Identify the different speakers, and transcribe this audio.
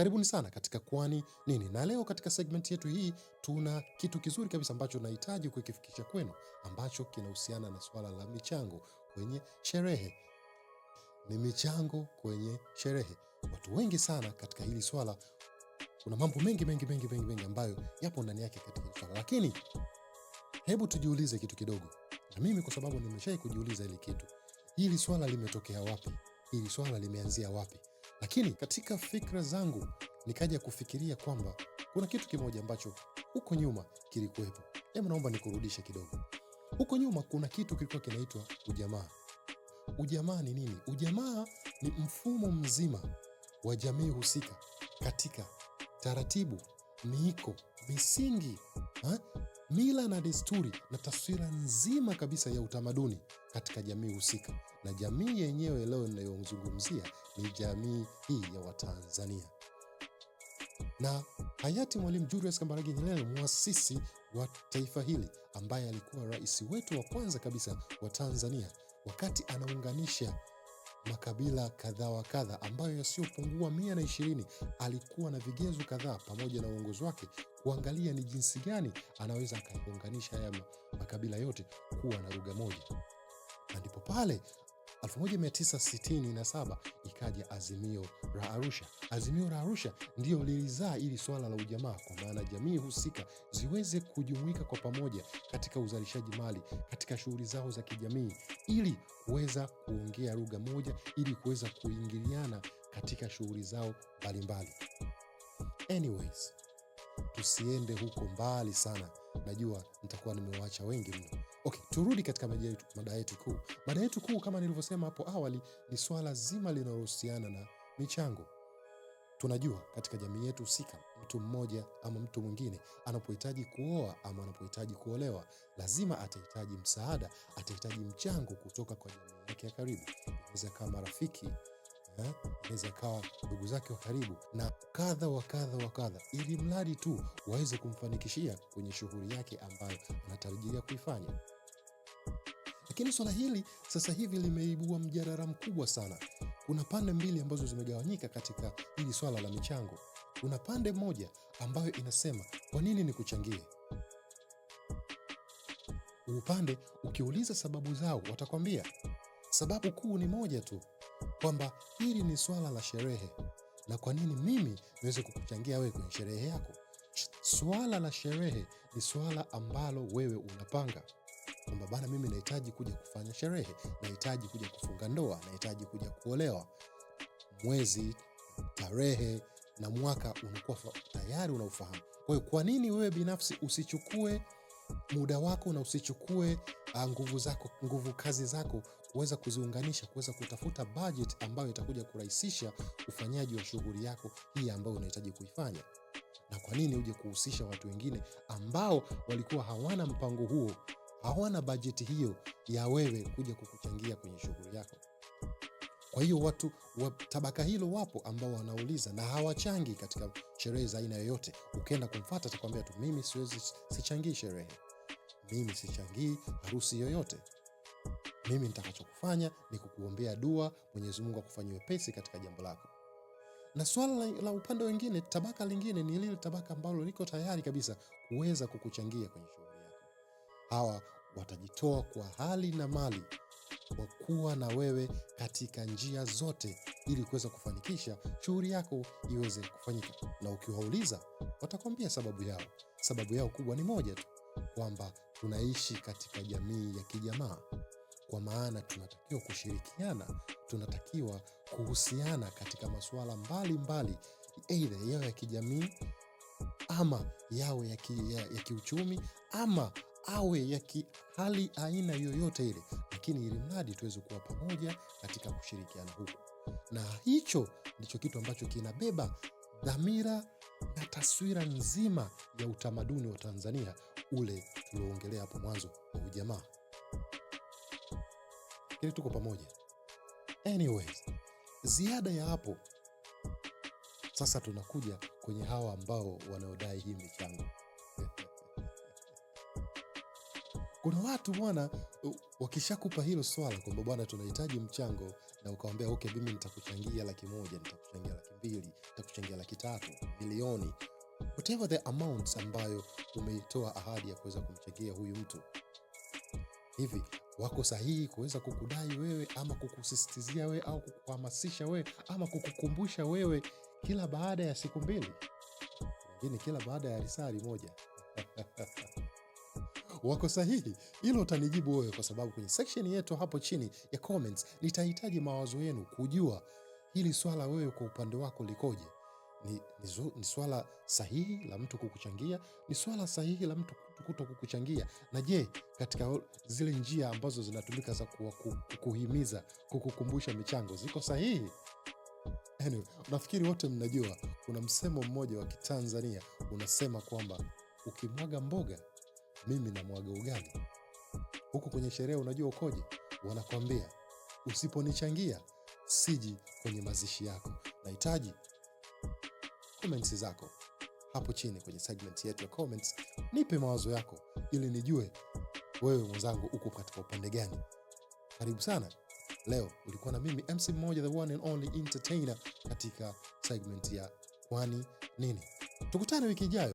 Speaker 1: Karibuni sana katika Kwani Nini, na leo katika segment yetu hii tuna kitu kizuri kabisa ambacho nahitaji kukifikisha kwenu, ambacho kinahusiana na swala la michango kwenye sherehe. Ni michango kwenye sherehe. Watu wengi sana katika hili swala, kuna mambo mengi mengi mengi mengi mengi ambayo yapo ndani yake katika hili swala, lakini hebu tujiulize kitu kidogo, na mimi kwa sababu nimeshai kujiuliza hili kitu. Hili swala limetokea wapi? Hili swala limeanzia wapi? Lakini katika fikra zangu nikaja kufikiria kwamba kuna kitu kimoja ambacho huko nyuma kilikuwepo. Hebu naomba nikurudishe kidogo huko nyuma. Kuna kitu kilikuwa kinaitwa ujamaa. Ujamaa ni nini? Ujamaa ni mfumo mzima wa jamii husika katika taratibu, miiko, misingi ha? mila na desturi na taswira nzima kabisa ya utamaduni katika jamii husika. Na jamii yenyewe leo inayozungumzia ni jamii hii ya Watanzania na hayati Mwalimu Julius Kambarage Nyerere, mwasisi wa taifa hili, ambaye alikuwa rais wetu wa kwanza kabisa wa Tanzania, wakati anaunganisha makabila kadha wa kadha ambayo yasiyopungua mia na ishirini. Alikuwa na vigezo kadhaa pamoja na uongozi wake kuangalia ni jinsi gani anaweza akaunganisha haya makabila yote kuwa na lugha moja, na ndipo pale 1967 ikaja Azimio la Arusha. Azimio la Arusha ndio lilizaa ili swala la ujamaa, kwa maana jamii husika ziweze kujumuika kwa pamoja katika uzalishaji mali, katika shughuli zao za kijamii, ili kuweza kuongea lugha moja, ili kuweza kuingiliana katika shughuli zao mbalimbali. Anyways, tusiende huko mbali sana, najua nitakuwa nimewaacha wengi mno. Okay, turudi katika mada yetu kuu. Mada yetu kuu kama nilivyosema hapo awali ni swala zima linalohusiana na michango. Tunajua katika jamii yetu husika, mtu mmoja ama mtu mwingine anapohitaji kuoa ama anapohitaji kuolewa, lazima atahitaji msaada, atahitaji mchango kutoka kwa jamii yake ya karibu, inaweza kama rafiki Eh, inaweza kawa ndugu zake wa karibu na kadha wa kadha wa kadha, ili mradi tu waweze kumfanikishia kwenye shughuli yake ambayo anatarajia kuifanya. Lakini swala hili sasa hivi limeibua mjadala mkubwa sana. Kuna pande mbili ambazo zimegawanyika katika hili swala la michango. Kuna pande moja ambayo inasema kwa nini ni kuchangie upande ukiuliza sababu zao watakwambia sababu kuu ni moja tu, kwamba hili ni swala la sherehe, na kwa nini mimi niweze kukuchangia wewe kwenye sherehe yako? Swala la sherehe ni swala ambalo wewe unapanga kwamba bana, mimi nahitaji kuja kufanya sherehe, nahitaji kuja kufunga ndoa, nahitaji kuja kuolewa. Mwezi, tarehe na mwaka unakuwa tayari unaufahamu. Kwa hiyo, kwa nini wewe binafsi usichukue muda wako na usichukue uh, nguvu zako, nguvu kazi zako kuweza kuziunganisha kuweza kutafuta budget ambayo itakuja kurahisisha ufanyaji wa shughuli yako hii ambayo unahitaji kuifanya. Na kwa nini uje kuhusisha watu wengine ambao walikuwa hawana mpango huo, hawana bajeti hiyo ya wewe kuja kukuchangia kwenye shughuli yako? Kwa hiyo watu wa tabaka hilo wapo ambao wanauliza na hawachangi katika sherehe za aina yoyote. Ukienda kumfata atakwambia tu, mimi siwezi, sichangii sherehe mimi sichangii harusi yoyote. Mimi nitakachokufanya ni kukuombea dua, Mwenyezi Mungu akufanyie wepesi katika jambo lako. Na swala la upande wengine, tabaka lingine ni lile tabaka ambalo liko tayari kabisa kuweza kukuchangia kwenye shughuli yako. Hawa watajitoa kwa hali na mali kwa kuwa na wewe katika njia zote, ili kuweza kufanikisha shughuli yako iweze kufanyika. Na ukiwauliza, watakwambia sababu yao. Sababu yao kubwa ni moja tu, kwamba tunaishi katika jamii ya kijamaa, kwa maana tunatakiwa kushirikiana, tunatakiwa kuhusiana katika masuala mbalimbali, aidha yawe ya kijamii ama yawe ya, ki, ya, ya kiuchumi ama awe ya hali aina yoyote ile, lakini ili mradi tuweze kuwa pamoja katika kushirikiana huku, na hicho ndicho kitu ambacho kinabeba dhamira na taswira nzima ya utamaduni wa Tanzania ule tulioongelea hapo mwanzo wa ujamaa, lakini tuko pamoja. Anyways, ziada ya hapo sasa tunakuja kwenye hawa ambao wanaodai hii michango. Kuna watu bwana, wakishakupa hilo swala kwamba bwana, tunahitaji mchango, na ukawambia okay, mimi nitakuchangia laki moja, nitakuchangia laki mbili, nitakuchangia laki tatu, milioni whatever the amounts ambayo umeitoa ahadi ya kuweza kumchangia huyu mtu, hivi wako sahihi kuweza kukudai wewe ama kukusisitizia wewe au kukuhamasisha wewe ama kukukumbusha wewe kila baada ya siku mbili, wengine kila baada ya risali moja wako sahihi? Hilo utanijibu wewe, kwa sababu kwenye section yetu hapo chini ya comments nitahitaji mawazo yenu kujua hili swala wewe kwa upande wako likoje ni, ni, ni swala sahihi la mtu kukuchangia, ni swala sahihi la mtu kuto kukuchangia. Na je, katika zile njia ambazo zinatumika za kuhimiza kukukumbusha michango ziko sahihi? Anyway, nafikiri wote mnajua kuna msemo mmoja wa Kitanzania unasema kwamba ukimwaga mboga mimi namwaga ugali. Huku kwenye sherehe unajua ukoje, wanakwambia usiponichangia siji kwenye mazishi yako. Nahitaji comments zako hapo chini kwenye segment yetu ya comments. Nipe mawazo yako ili nijue wewe mwenzangu uko katika upande gani. Karibu sana. Leo ulikuwa na mimi MC mmoja, the one and only entertainer, katika segment ya kwani nini. Tukutane wiki ijayo.